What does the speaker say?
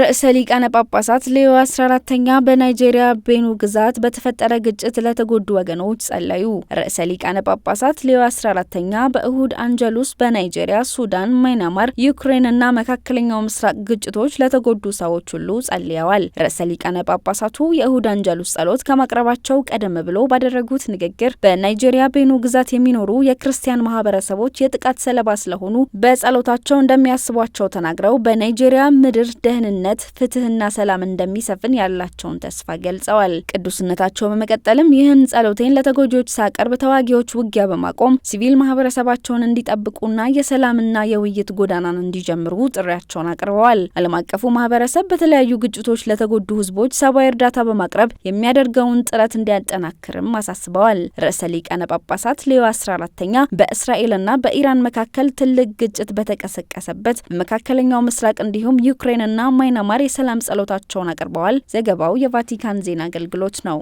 ርዕሰ ሊቃነ ጳጳሳት ሌዮ 14ተኛ በናይጄሪያ ቤኑ ግዛት በተፈጠረ ግጭት ለተጎዱ ወገኖች ጸለዩ። ርዕሰ ሊቃነ ጳጳሳት ሌዮ 14ተኛ በእሁድ አንጀሉስ በናይጄሪያ፣ ሱዳን፣ ማይናማር፣ ዩክሬን እና መካከለኛው ምስራቅ ግጭቶች ለተጎዱ ሰዎች ሁሉ ጸልየዋል። ርዕሰ ሊቃነ ጳጳሳቱ የእሁድ አንጀሉስ ጸሎት ከማቅረባቸው ቀደም ብሎ ባደረጉት ንግግር በናይጄሪያ ቤኑ ግዛት የሚኖሩ የክርስቲያን ማህበረሰቦች የጥቃት ሰለባ ስለሆኑ በጸሎታቸው እንደሚያስቧቸው ተናግረው በናይጄሪያ ምድር ደህን እምነት ፍትህና ሰላም እንደሚሰፍን ያላቸውን ተስፋ ገልጸዋል። ቅዱስነታቸው በመቀጠልም ይህን ጸሎቴን ለተጎጂዎች ሳቀርብ ተዋጊዎች ውጊያ በማቆም ሲቪል ማህበረሰባቸውን እንዲጠብቁና የሰላምና የውይይት ጎዳናን እንዲጀምሩ ጥሪያቸውን አቅርበዋል። ዓለም አቀፉ ማህበረሰብ በተለያዩ ግጭቶች ለተጎዱ ህዝቦች ሰብአዊ እርዳታ በማቅረብ የሚያደርገውን ጥረት እንዲያጠናክርም አሳስበዋል። ርዕሰ ሊቃነ ጳጳሳት ሌዮ 14ተኛ በእስራኤልና በኢራን መካከል ትልቅ ግጭት በተቀሰቀሰበት በመካከለኛው ምስራቅ እንዲሁም ዩክሬንና ማይናማር የሰላም ጸሎታቸውን አቅርበዋል። ዘገባው የቫቲካን ዜና አገልግሎት ነው።